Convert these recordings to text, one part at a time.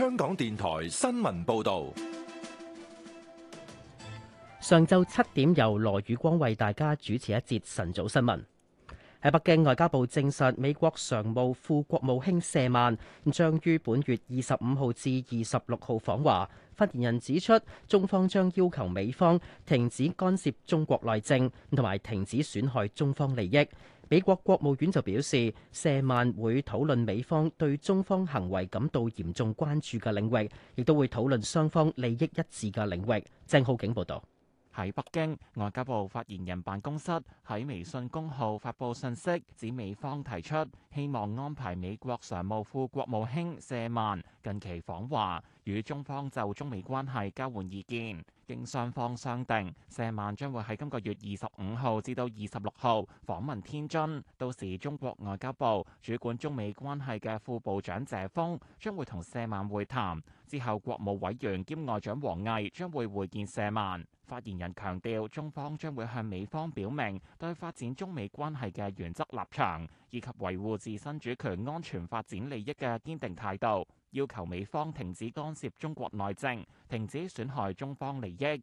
香港電台新聞報道，上晝七點由羅宇光為大家主持一節晨早新聞。喺北京，外交部證實，美國常務副國務卿謝曼將於本月二十五號至二十六號訪華。發言人指出，中方將要求美方停止干涉中國內政，同埋停止損害中方利益。美國國務院就表示，謝曼會討論美方對中方行為感到嚴重關注嘅領域，亦都會討論雙方利益一致嘅領域。鄭浩景報導。喺北京，外交部發言人辦公室喺微信公號發布信息，指美方提出希望安排美國常務副國務卿謝曼近期訪華。與中方就中美關係交換意見，經雙方商定，舍曼將會喺今個月二十五號至到二十六號訪問天津。到時，中國外交部主管中美關係嘅副部長謝鋒將會同舍曼會談。之後，國務委員兼外長王毅將會會見舍曼。發言人強調，中方將會向美方表明對發展中美關係嘅原則立場，以及維護自身主權安全發展利益嘅堅定態度。要求美方停止干涉中國內政，停止損害中方利益。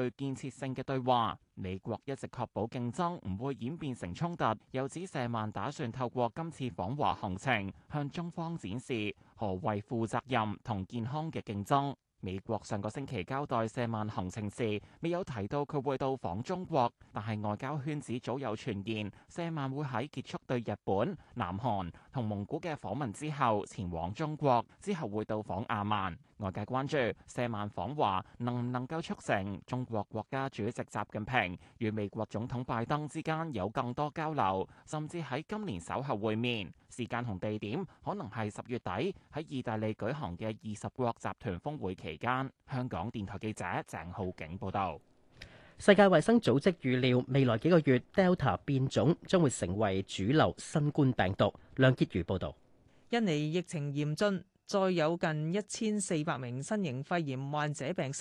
對建設性嘅對話，美國一直確保競爭唔會演變成衝突。又指，謝曼打算透過今次訪華行程，向中方展示何謂負責任同健康嘅競爭。美國上個星期交代謝曼行程時，未有提到佢會到訪中國，但係外交圈子早有傳言，謝曼會喺結束對日本、南韓同蒙古嘅訪問之後，前往中國，之後會到訪亞曼。外界關注，舍曼訪華能唔能夠促成中國國家主席習近平與美國總統拜登之間有更多交流，甚至喺今年稍後會面時間同地點，可能係十月底喺意大利舉行嘅二十國集團峰會期間。香港電台記者鄭浩景報道。世界衛生組織預料未來幾個月 Delta 變種將會成為主流新冠病毒。梁潔如報導。印尼疫情嚴峻。再有近一千四百名新型肺炎患者病逝，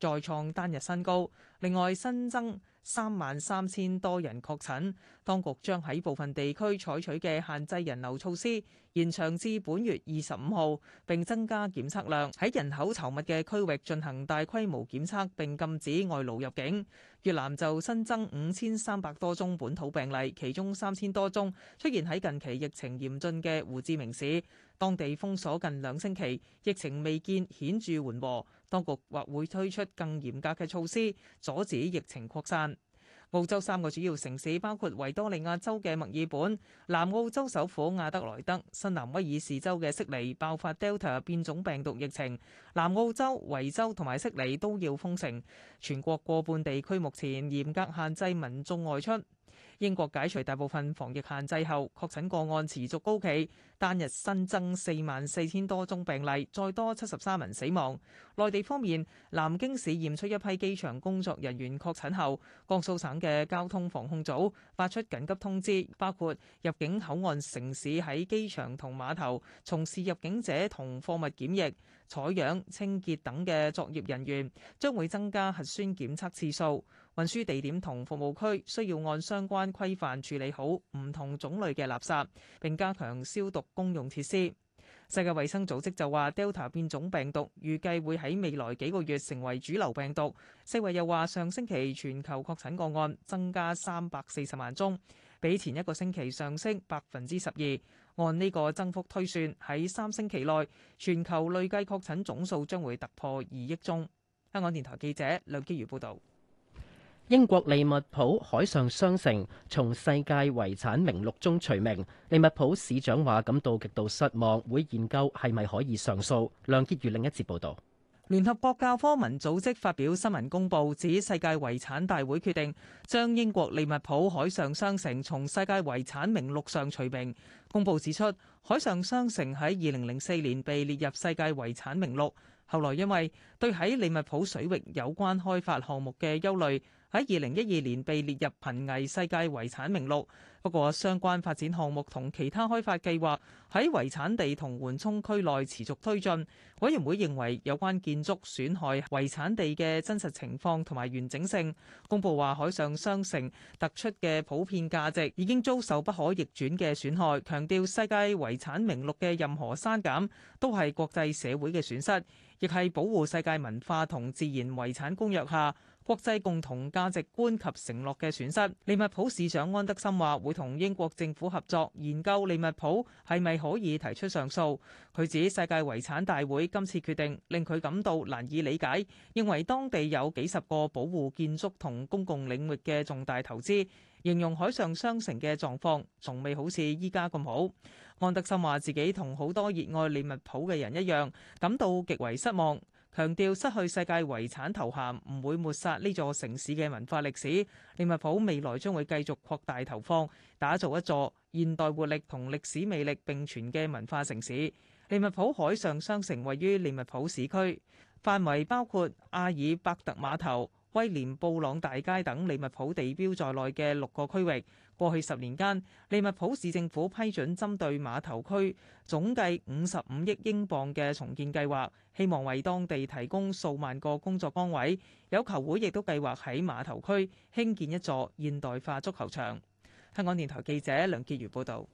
再創單日新高。另外新增三萬三千多人確診。當局將喺部分地區採取嘅限制人流措施延長至本月二十五號，並增加檢測量，喺人口稠密嘅區域進行大規模檢測，並禁止外勞入境。越南就新增五千三百多宗本土病例，其中三千多宗出現喺近期疫情嚴峻嘅胡志明市，當地封鎖近兩星期，疫情未見顯著緩和，當局或會推出更嚴格嘅措施，阻止疫情擴散。澳洲三個主要城市，包括維多利亞州嘅墨爾本、南澳洲首府亞德萊德、新南威爾士州嘅悉尼，爆發 Delta 變種病毒疫情。南澳洲、維州同埋悉尼都要封城。全國過半地區目前嚴格限制民眾外出。英國解除大部分防疫限制後，確診個案持續高企，單日新增四萬四千多宗病例，再多七十三人死亡。內地方面，南京市驗出一批機場工作人員確診後，江蘇省嘅交通防控組發出緊急通知，包括入境口岸城市喺機場同碼頭，從事入境者同貨物檢疫、採樣、清潔等嘅作業人員，將會增加核酸檢測次數。運輸地點同服務區需要按相關規範處理好唔同種類嘅垃圾，並加強消毒公用設施。世界衛生組織就話，Delta 變種病毒預計會喺未來幾個月成為主流病毒。世衞又話，上星期全球確診個案增加三百四十萬宗，比前一個星期上升百分之十二。按呢個增幅推算，喺三星期內，全球累計確診總數將會突破二億宗。香港電台記者梁基如報導。英國利物浦海上商城從世界遺產名錄中除名，利物浦市長話感到極度失望，會研究係咪可以上訴。梁潔如另一節報道。聯合國教科文組織發表新聞公報，指世界遺產大會決定將英國利物浦海上商城從世界遺產名錄上除名。公布指出，海上商城喺2004年被列入世界遺產名錄，後來因為對喺利物浦水域有關開發項目嘅憂慮。喺二零一二年被列入瀕危世界遺產名錄，不過相關發展項目同其他開發計劃喺遺產地同緩衝區內持續推進，委員會認為有關建築損害遺產地嘅真實情況同埋完整性。公佈話海上商城突出嘅普遍價值已經遭受不可逆轉嘅損害，強調世界遺產名錄嘅任何刪減都係國際社會嘅損失，亦係保護世界文化同自然遺產公約下國際共同價值觀及承諾嘅損失，利物浦市長安德森話會同英國政府合作研究利物浦係咪可以提出上訴。佢指世界遺產大會今次決定令佢感到難以理解，認為當地有幾十個保護建築同公共領域嘅重大投資，形容海上商城嘅狀況仲未好似依家咁好。安德森話自己同好多熱愛利物浦嘅人一樣，感到極為失望。強調失去世界遺產頭銜，唔會抹殺呢座城市嘅文化歷史。利物浦未來將會繼續擴大投放，打造一座現代活力同歷史魅力並存嘅文化城市。利物浦海上商城位於利物浦市區，範圍包括阿爾伯特碼頭。威廉布朗大街等利物浦地標在內嘅六個區域。過去十年間，利物浦市政府批准針對碼頭區總計五十五億英鎊嘅重建計劃，希望為當地提供數萬個工作崗位。有球會亦都計劃喺碼頭區興建一座現代化足球場。香港電台記者梁潔如報道。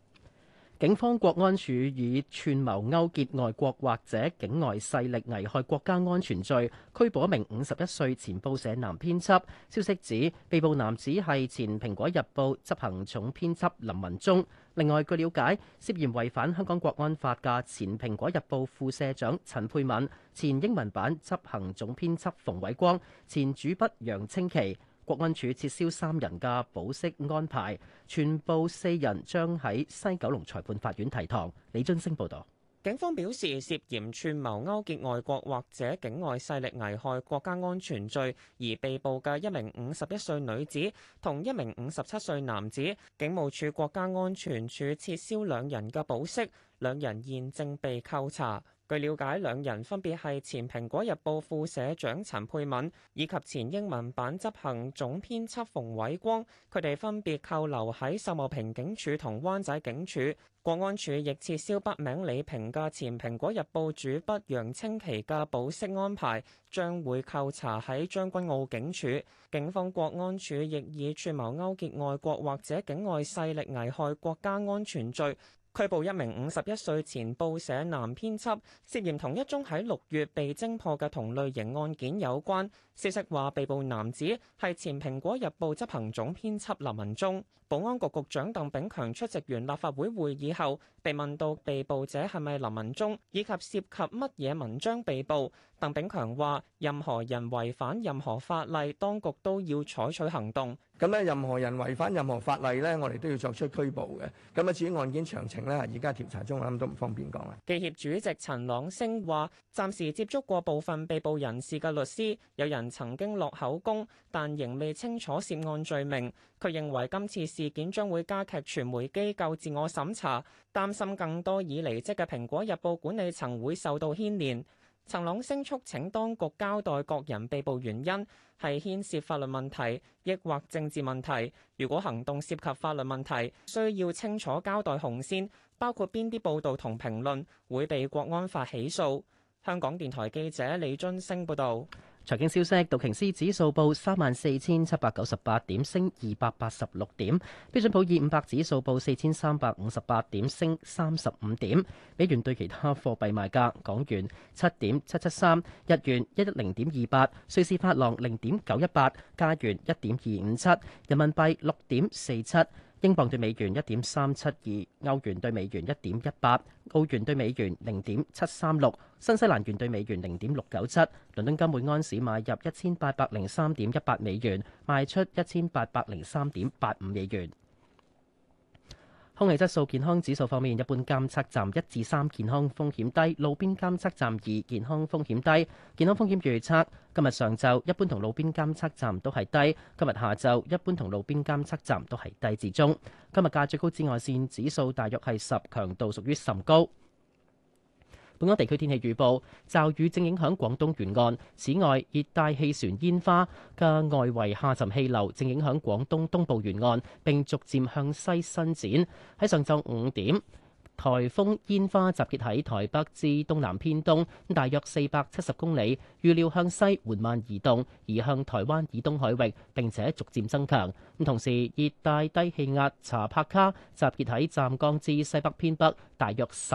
警方國安處以串謀勾結外國或者境外勢力危害國家安全罪拘捕一名五十一歲前報社男編輯。消息指，被捕男子係前蘋果日報執行總編輯林文忠。另外，據了解，涉嫌違反香港國安法嘅前蘋果日報副社長陳佩敏、前英文版執行總編輯馮偉光、前主筆楊清奇。國安處撤銷三人嘅保釋安排，全部四人將喺西九龍裁判法院提堂。李津升報道，警方表示涉嫌串謀勾結外國或者境外勢力危害國家安全罪而被捕嘅一名五十一歲女子同一名五十七歲男子，警務處國家安全處撤銷兩人嘅保釋。兩人現正被扣查。據了解，兩人分別係前《蘋果日報》副社長陳佩敏以及前英文版執行總編輯馮偉光。佢哋分別扣留喺秀茂坪警署同灣仔警署。國安署亦撤銷筆名李平嘅前《蘋果日報》主筆楊清奇嘅保釋安排，將會扣查喺將軍澳警署。警方國安署亦以串謀勾結外國或者境外勢力危害國家安全罪。拘捕一名五十一歲前報社男編輯，涉嫌同一宗喺六月被偵破嘅同類型案件有關。消息話被捕男子係前蘋果日報執行總編輯林文忠。保安局局長鄧炳強出席完立法會會議後，被問到被捕者係咪林文忠以及涉及乜嘢文章被捕，鄧炳強話：任何人違反任何法例，當局都要採取行動。咁咧，任何人違反任何法例咧，我哋都要作出拘捕嘅。咁啊，至於案件詳情咧，而家調查中，我諗都唔方便講啦。記協主席陳朗昇話：暫時接觸過部分被捕人士嘅律師，有人曾經落口供，但仍未清楚涉案罪名。佢認為今次事件將會加劇傳媒機構自我審查，擔心更多已離職嘅《蘋果日報》管理層會受到牽連。陳朗聲促請當局交代各人被捕原因，係牽涉法律問題，抑或政治問題。如果行動涉及法律問題，需要清楚交代紅線，包括邊啲報道同評論會被國安法起訴。香港電台記者李津升報道。財經消息：道瓊斯指數報三萬四千七百九十八點，升二百八十六點；標準普爾五百指數報四千三百五十八點，升三十五點。美元對其他貨幣賣價：港元七點七七三，日元一一零點二八，瑞士法郎零點九一八，加元一點二五七，人民幣六點四七。英鎊兌美元一點三七二，歐元兌美元一點一八，澳元兌美元零點七三六，新西蘭元兌美元零點六九七。倫敦金每安士買入一千八百零三點一八美元，賣出一千八百零三點八五美元。空氣質素健康指數方面，一般監測站一至三健康風險低，路邊監測站二健康風險低。健康風險預測今日上晝一般同路邊監測站都係低，今日下晝一般同路邊監測站都係低至中。今日嘅最高紫外線指數大約係十，強度屬於甚高。本港地區天氣預報，驟雨正影響廣東沿岸。此外，熱帶氣旋煙花嘅外圍下沉氣流正影響廣東東部沿岸，並逐漸向西伸展。喺上晝五點，颱風煙花集結喺台北至東南偏東，大約四百七十公里，預料向西緩慢移動，移向台灣以東海域，並且逐漸增強。同時，熱帶低氣壓查帕卡集結喺湛江至西北偏北，大約十。